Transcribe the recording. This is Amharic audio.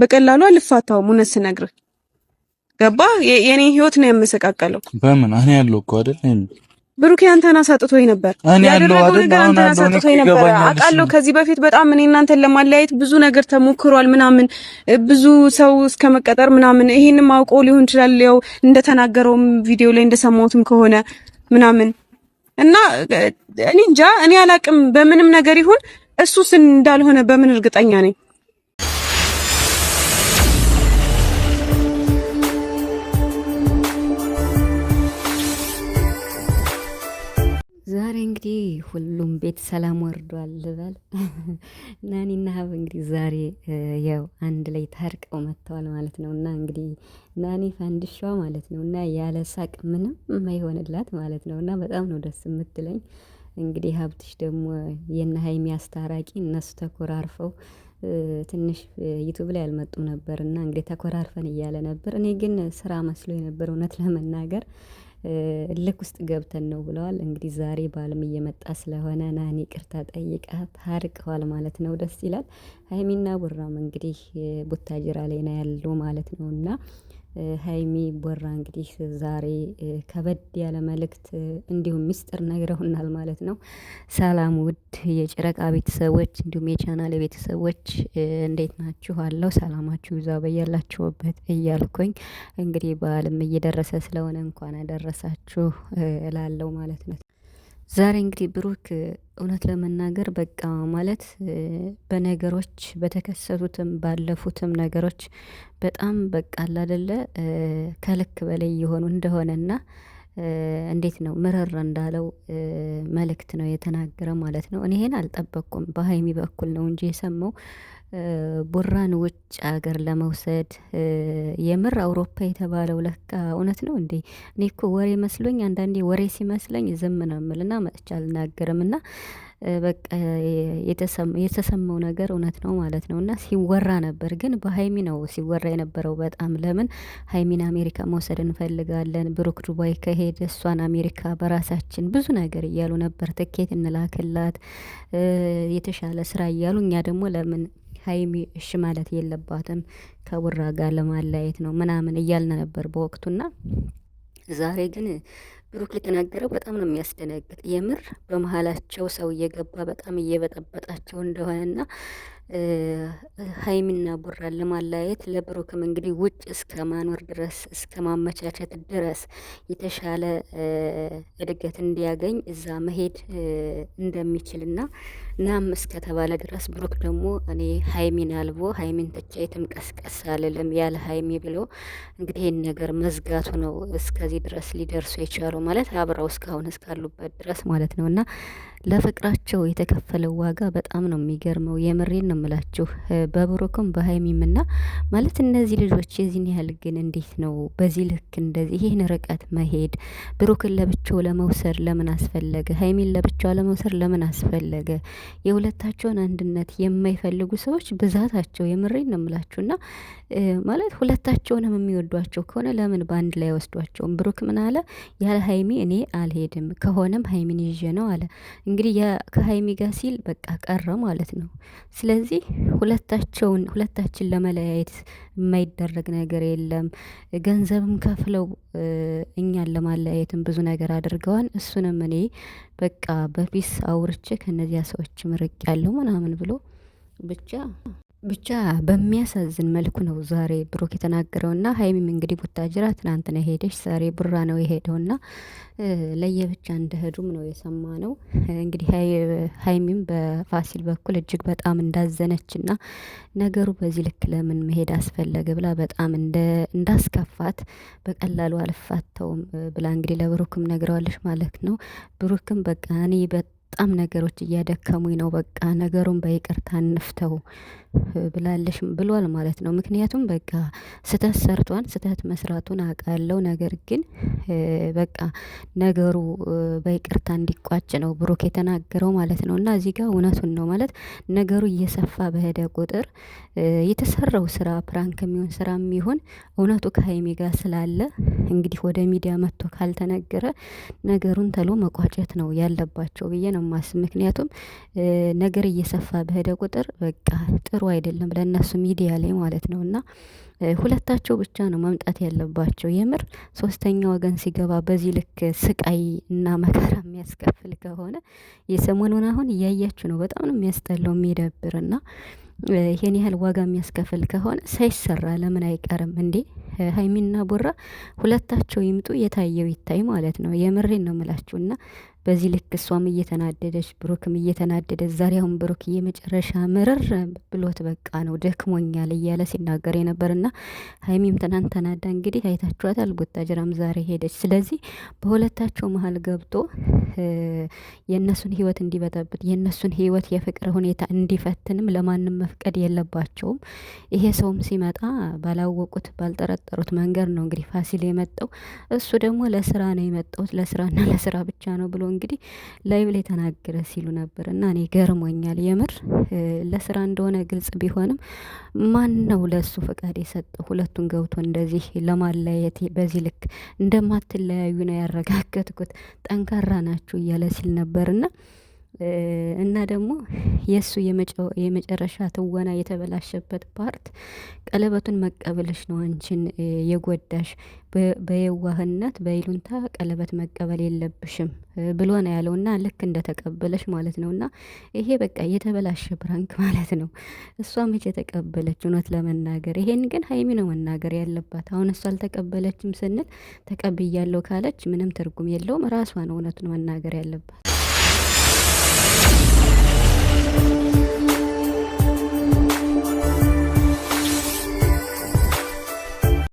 በቀላሉ አልፋታውም። እውነት ስነግርህ ገባ። የኔ ህይወት ነው ያመሰቃቀለው። በምን እኔ ያለው እኮ አይደል ብሩኬ አንተን አሳጥቶኝ ነበር። እኔ ያለው አይደል አንተን አሳጥቶኝ ነበር አውቃለሁ። ከዚህ በፊት በጣም እኔ እናንተን ለማለያየት ብዙ ነገር ተሞክሯል፣ ምናምን ብዙ ሰው እስከ መቀጠር ምናምን። ይሄንም አውቆ ሊሆን ይችላል ያው እንደተናገረውም ቪዲዮ ላይ እንደሰማሁትም ከሆነ ምናምን እና እኔ እንጃ እኔ አላቅም፣ በምንም ነገር ይሁን እሱስ እንዳልሆነ በምን እርግጠኛ ነኝ። ዛሬ እንግዲህ ሁሉም ቤት ሰላም ወርዷል ልበል። ናኒና ሀብ እንግዲህ ዛሬ ያው አንድ ላይ ታርቀው መጥተዋል ማለት ነው። እና እንግዲህ ናኒ ፋንድሻዋ ማለት ነው እና ያለ ሳቅ ምንም የማይሆንላት ማለት ነው። እና በጣም ነው ደስ የምትለኝ። እንግዲህ ሀብትሽ ደግሞ የነ ሀይሚ አስታራቂ፣ እነሱ ተኮራርፈው ትንሽ ዩቱብ ላይ አልመጡም ነበር እና እንግዲህ ተኮራርፈን እያለ ነበር። እኔ ግን ስራ መስሎ የነበር እውነት ለመናገር እልክ ውስጥ ገብተን ነው ብለዋል። እንግዲህ ዛሬ ባልም እየመጣ ስለሆነ ናኒ ቅርታ ጠይቃ ታርቀዋል ማለት ነው። ደስ ይላል። ሀይሚና ቦራም እንግዲህ ቡታጅራ ላይ ነው ያሉ ማለት ነው። እና ሀይሚ ቦራ እንግዲህ ዛሬ ከበድ ያለ መልእክት እንዲሁም ሚስጥር ነግረውናል ማለት ነው። ሰላም ውድ የጨረቃ ቤተሰቦች እንዲሁም የቻናል ቤተሰቦች እንዴት ናችሁ? አለው ሰላማችሁ ይዛ በያላችሁበት እያልኩኝ እንግዲህ በዓልም እየደረሰ ስለሆነ እንኳን አደረሳችሁ እላለው ማለት ነው። ዛሬ እንግዲህ ብሩክ እውነት ለመናገር በቃ ማለት በነገሮች በተከሰቱትም ባለፉትም ነገሮች በጣም በቃ አላደለ ከልክ በላይ የሆኑ እንደሆነና እንዴት ነው ምርር እንዳለው መልእክት ነው የተናገረ ማለት ነው። እኔ ይሄን አልጠበቅኩም። በሀይሚ በኩል ነው እንጂ የሰማው ቡራን ውጭ ሀገር ለመውሰድ የምር አውሮፓ የተባለው ለካ እውነት ነው እንዴ? እኔ እኮ ወሬ መስሎኝ አንዳንዴ ወሬ ሲመስለኝ ዝም ነው ምልና መጥቻ አልናገርም እና በቃ የተሰማው ነገር እውነት ነው ማለት ነው። እና ሲወራ ነበር ግን በሀይሚ ነው ሲወራ የነበረው በጣም ለምን ሀይሚን አሜሪካ መውሰድ እንፈልጋለን፣ ብሩክ ዱባይ ከሄደ እሷን አሜሪካ በራሳችን ብዙ ነገር እያሉ ነበር። ትኬት እንላክላት፣ የተሻለ ስራ እያሉ እኛ ደግሞ ለምን ሀይሚ እሺ ማለት የለባትም ከቡራ ጋር ለማለያየት ነው ምናምን እያልን ነበር በወቅቱና ዛሬ ግን ብሩክ የተናገረው በጣም ነው የሚያስደነግጥ። የምር በመሀላቸው ሰው እየገባ በጣም እየበጠበጣቸው እንደሆነና ሀይሚና ቡራን ለማለያየት ለብሩክም እንግዲህ ውጭ እስከ ማኖር ድረስ እስከ ማመቻቸት ድረስ የተሻለ እድገት እንዲያገኝ እዛ መሄድ እንደሚችልና ናም እስከተባለ ድረስ ብሩክ ደግሞ እኔ ሀይሚን አልቦ ሀይሚን ትቼ የትም ቀስቀስ አልልም ያለ ሀይሚ ብሎ እንግዲህ ይህን ነገር መዝጋቱ ነው። እስከዚህ ድረስ ሊደርሱ የቻሉ ማለት አብረው እስካሁን እስካሉበት ድረስ ማለት ነው እና ለፍቅራቸው የተከፈለው ዋጋ በጣም ነው የሚገርመው። የምሬን ነው የምላችሁ በብሩክም ና ማለት እነዚህ ልጆች የዚህን ያህል ግን እንዴት ነው በዚህ ልክ እንደዚህ ይህን ርቀት መሄድ? ብሩክን ለብቻው ለመውሰድ ለምን አስፈለገ? ሀይሚን ለብቻው ለመውሰድ ለምን አስፈለገ? የሁለታቸውን አንድነት የማይፈልጉ ሰዎች ብዛታቸው የምሬን ነው ና ማለት ሁለታቸውንም የሚወዷቸው ከሆነ ለምን በአንድ ላይ ወስዷቸውም? ብሩክ ምን አለ? ያለ ሀይሚ እኔ አልሄድም ከሆነም ሀይሚን ይዤ ነው አለ እንግዲህ ከሀይሚ ጋር ሲል በቃ ቀረ ማለት ነው። ስለዚህ ሁለታቸውን ሁለታችን ለመለያየት የማይደረግ ነገር የለም። ገንዘብም ከፍለው እኛን ለማለያየትም ብዙ ነገር አድርገዋል። እሱንም እኔ በቃ በፒስ አውርቼ ከእነዚያ ሰዎች ምርቅ ያለው ምናምን ብሎ ብቻ ብቻ በሚያሳዝን መልኩ ነው ዛሬ ብሩክ የተናገረውና ሀይሚም እንግዲህ ቡታጅራ ትናንትና ሄደች፣ ዛሬ ቡራ ነው የሄደውና ለየብቻ እንደሄዱም ነው የሰማ ነው። እንግዲህ ሀይሚም በፋሲል በኩል እጅግ በጣም እንዳዘነችና ነገሩ በዚህ ልክ ለምን መሄድ አስፈለገ ብላ በጣም እንዳስከፋት በቀላሉ አልፋተውም ብላ እንግዲህ ለብሩክም ነግረዋለች ማለት ነው። ብሩክም በቃ እኔ በጣም ነገሮች እያደከሙኝ ነው፣ በቃ ነገሩን በይቅርታ እንፍተው ብላለሽ ብሏል ማለት ነው። ምክንያቱም በቃ ስህተት ሰርቷን ስህተት መስራቱን አውቃለሁ፣ ነገር ግን በቃ ነገሩ በይቅርታ እንዲቋጭ ነው ብሩክ የተናገረው ማለት ነው። እና እዚህ ጋር እውነቱን ነው ማለት ነገሩ እየሰፋ በሄደ ቁጥር የተሰራው ስራ ፕራንክ የሚሆን ስራ የሚሆን እውነቱ ከሀይሜ ጋር ስላለ እንግዲህ ወደ ሚዲያ መጥቶ ካልተነገረ ነገሩን ተሎ መቋጨት ነው ያለባቸው ብዬ ነው ነው ምክንያቱም ነገር እየሰፋ በሄደ ቁጥር በቃ ጥሩ አይደለም ለእነሱ ሚዲያ ላይ ማለት ነው። እና ሁለታቸው ብቻ ነው መምጣት ያለባቸው። የምር ሶስተኛ ወገን ሲገባ በዚህ ልክ ስቃይ እና መከራ የሚያስከፍል ከሆነ የሰሞኑን አሁን እያያችሁ ነው። በጣም ነው የሚያስጠላው የሚደብር እና ይሄን ያህል ዋጋ የሚያስከፍል ከሆነ ሳይሰራ ለምን አይቀርም እንዴ? ሀይሚና ቦራ ሁለታቸው ይምጡ፣ የታየው ይታይ ማለት ነው። የምሬን ነው ምላችሁ እና በዚህ ልክ እሷም እየተናደደች ብሩክም እየተናደደ ዛሬ አሁን ብሩክ የመጨረሻ ምርር ብሎት በቃ ነው ደክሞኛል እያለ ሲናገር የነበርና ሀይሚም ትናንት ተናዳ እንግዲህ አይታችኋታል። ቦታጅራም ዛሬ ሄደች። ስለዚህ በሁለታቸው መሀል ገብቶ የእነሱን ህይወት እንዲበጠብጥ የእነሱን ህይወት የፍቅር ሁኔታ እንዲፈትንም ለማንም መፍቀድ የለባቸውም። ይሄ ሰውም ሲመጣ ባላወቁት ባልጠረጠሩት መንገድ ነው እንግዲህ ፋሲል የመጣው። እሱ ደግሞ ለስራ ነው የመጣሁት ለስራና ለስራ ብቻ ነው ብሎ እንግዲህ ላይብ ላይ ተናገረ ሲሉ ነበር እና እኔ ገርሞኛል የምር ለስራ እንደሆነ ግልጽ ቢሆንም ማን ነው ለእሱ ፈቃድ የሰጠው ሁለቱን ገብቶ እንደዚህ ለማለያየት በዚህ ልክ እንደማትለያዩ ነው ያረጋገጥኩት። ጠንካራ ናቸው። ናችሁ እያለ ሲል ነበርና እና ደግሞ የእሱ የመጨረሻ ትወና የተበላሸበት ፓርት ቀለበቱን መቀበልሽ ነው አንቺን የጎዳሽ። በየዋህነት በይሉንታ ቀለበት መቀበል የለብሽም ብሎ ነው ያለው እና ልክ እንደተቀበለሽ ማለት ነው። እና ይሄ በቃ የተበላሸ ብራንክ ማለት ነው። እሷ መቼ የተቀበለች? እውነት ለመናገር ይሄን ግን ሀይሚ ነው መናገር ያለባት። አሁን እሷ አልተቀበለችም ስንል ተቀብያለሁ ካለች ምንም ትርጉም የለውም። ራሷ ነው እውነቱን መናገር ያለባት うん。